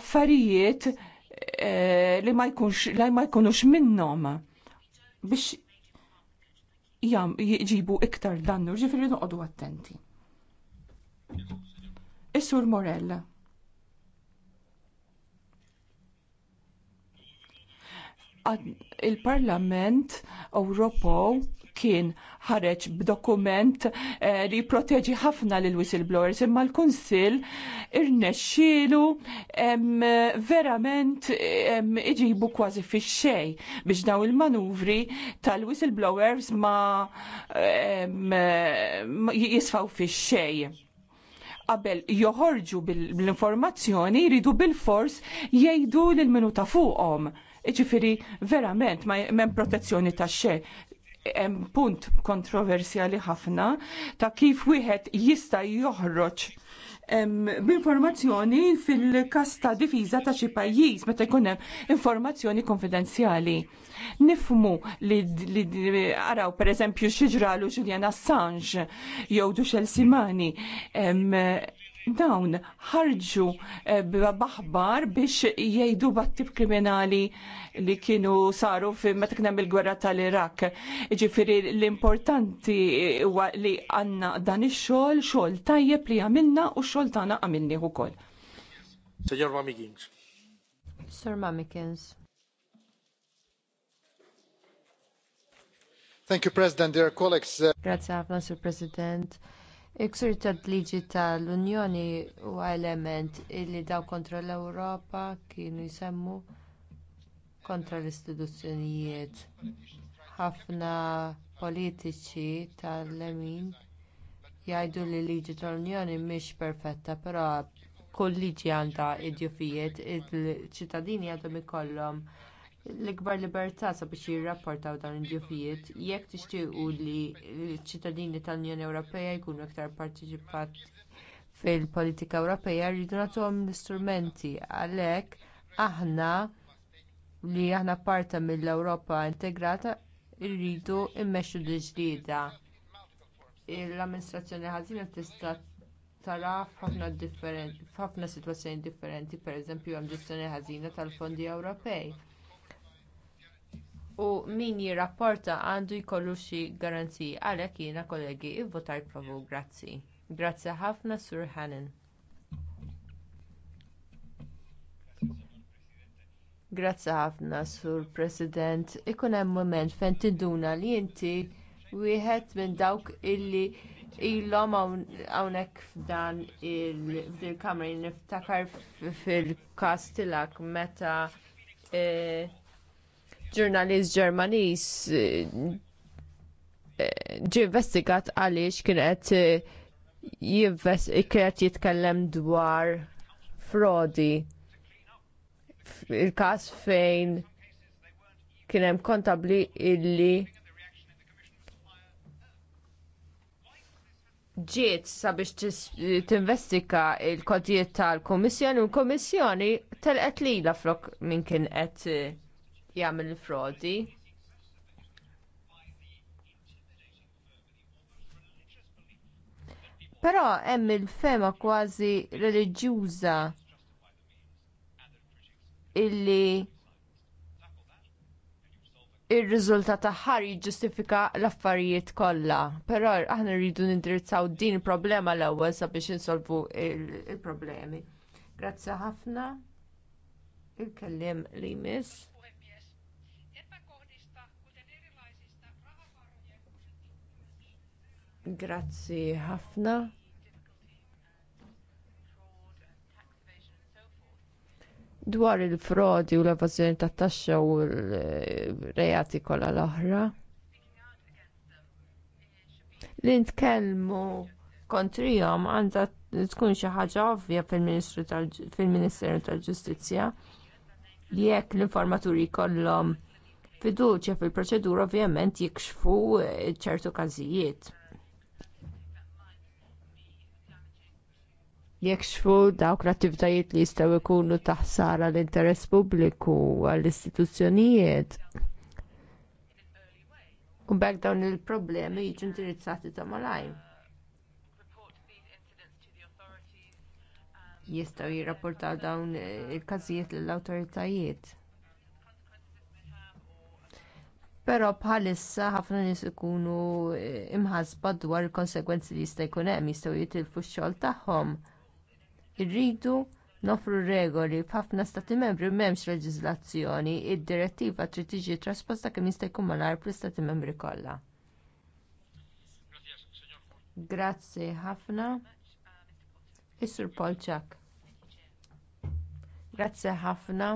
affarijiet uh, li ma jkunux minnhom biex jam jġibu iktar dannu, ġifiri noqogħdu attenti. Is-Sur Morella. il-Parlament Ewropew kien ħareġ b'dokument eh, li proteġi ħafna lil whistleblowers imma l-Kunsill irnexxielu verament iġibu kważi fix-xej biex daw il-manuvri tal-whistleblowers ma jisfaw fix-xej qabel joħorġu bil-informazzjoni jridu bil-fors jgħidu lil minu ta' fuqhom Iġifiri, verament, ma hemm protezzjoni ta' xe. Hemm punt kontroversjali ħafna ta' kif wieħed jista' joħroġ b'informazzjoni fil-kas ta' difiża ta' xi pajjiż meta jkun hemm informazzjoni konfidenzjali. Nifmu li, li araw pereżempju xi ġralu Julian Assange jew Duxel Simani dawn ħarġu eh, baħbar biex jgħidu battib kriminali li kienu saru fi meta kien hemm il-gwerra tal-Irak. Ġifiri l-importanti huwa li għandna dan ix-xogħol, xogħol tajjeb li għamilna u xogħol tagħna għamilni ukoll. Sir Mamikins. Sir Mamikins. Thank you, President. Dear colleagues. Uh, Grazie, Sir President Iksur tad-liġi tal-Unjoni huwa element li dawk kontra l-Ewropa kienu jsemmu kontra l-istituzzjonijiet. Ħafna politiċi tal-lemin jgħidu li l-liġi tal-Unjoni mhix perfetta, però kull liġi għandha id-djufijiet, il-ċittadini għandhom ikollhom l-ikbar libertà sabiex jirrapportaw dawn id-djufijiet jekk tixtiequ li ċ-ċittadini tal-Unjoni Ewropea jkunu iktar partiċipat fil-politika Ewropea jridu nagħtuhom l-istrumenti għalhekk aħna li aħna parta mill-Ewropa integrata rridu mmexxu l-ġdida. L-amministrazzjoni ħażina tista' tara f'ħafna differenti f'ħafna sitwazzjoni differenti pereżempju hemm ġestjoni ħażina tal-fondi Ewropej u min jirrapporta għandu jkollu xi garanziji għalhekk jiena kollegi vvvutajt favur grazzi. Grazzi ħafna Sur Hannan. Grazzi ħafna Sur President. Ikun hemm mument fejn tinduna li inti wieħed minn dawk illi ilhom hawnhekk f'dan il-kamra niftakar fil-kastilak meta eh, ġurnalist Ġermanis eh, eh, ġi investigat għaliex kienet eh, kienet jitkellem dwar frodi il-kas fejn kien hemm kontabli illi ġiet sabiex tinvestika l kodijiet tal-Kummissjoni u l-Kummissjoni telqet lilha flok minn kien qed jagħmel il-frodi. Però hemm il-fema kważi reliġjuża illi ir-riżultat tagħhar jiġġustifika l-affarijiet kollha, però aħna rridu nindirizzaw din il-problema l-ewwel sabiex insolvu il problemi Grazzi ħafna il-kelliem li miss. Grazzi ħafna. Dwar il-frodi u l evazjoni tat-taxxa u l-reati kollha l-oħra. L intkelmu kontrijom għandha tkun xi ħaġa ovvja fil-Ministeru tal-Ġustizzja li jekk l-informaturi jkollhom fiduċja fil-proċedura ovvjament jikxfu ċertu każijiet. Jekkxfu dawk l-attivitajiet li jistgħu jkunu taħsara l-interess pubbliku għall-istituzzjonijiet. U bekk dawn il-problemi jiġu indirizzati ta' malajr. Jistgħu jirrapportaw dawn il-każijiet lill-awtoritajiet. Però bħalissa ħafna nies ikunu imħasba dwar il-konsegwenzi li jista' jkun hemm jistgħu jitilfu x-xogħol tagħhom. Irridu nofru regoli f'ħafna stati membri m'hemmx leġiżlazzjoni, id-direttiva trid tiġi trasposta kemm jista' jkun malajr fl-istati membri kollha. Grazzi ħafna. Is-Sur Polċak. Grazzi ħafna.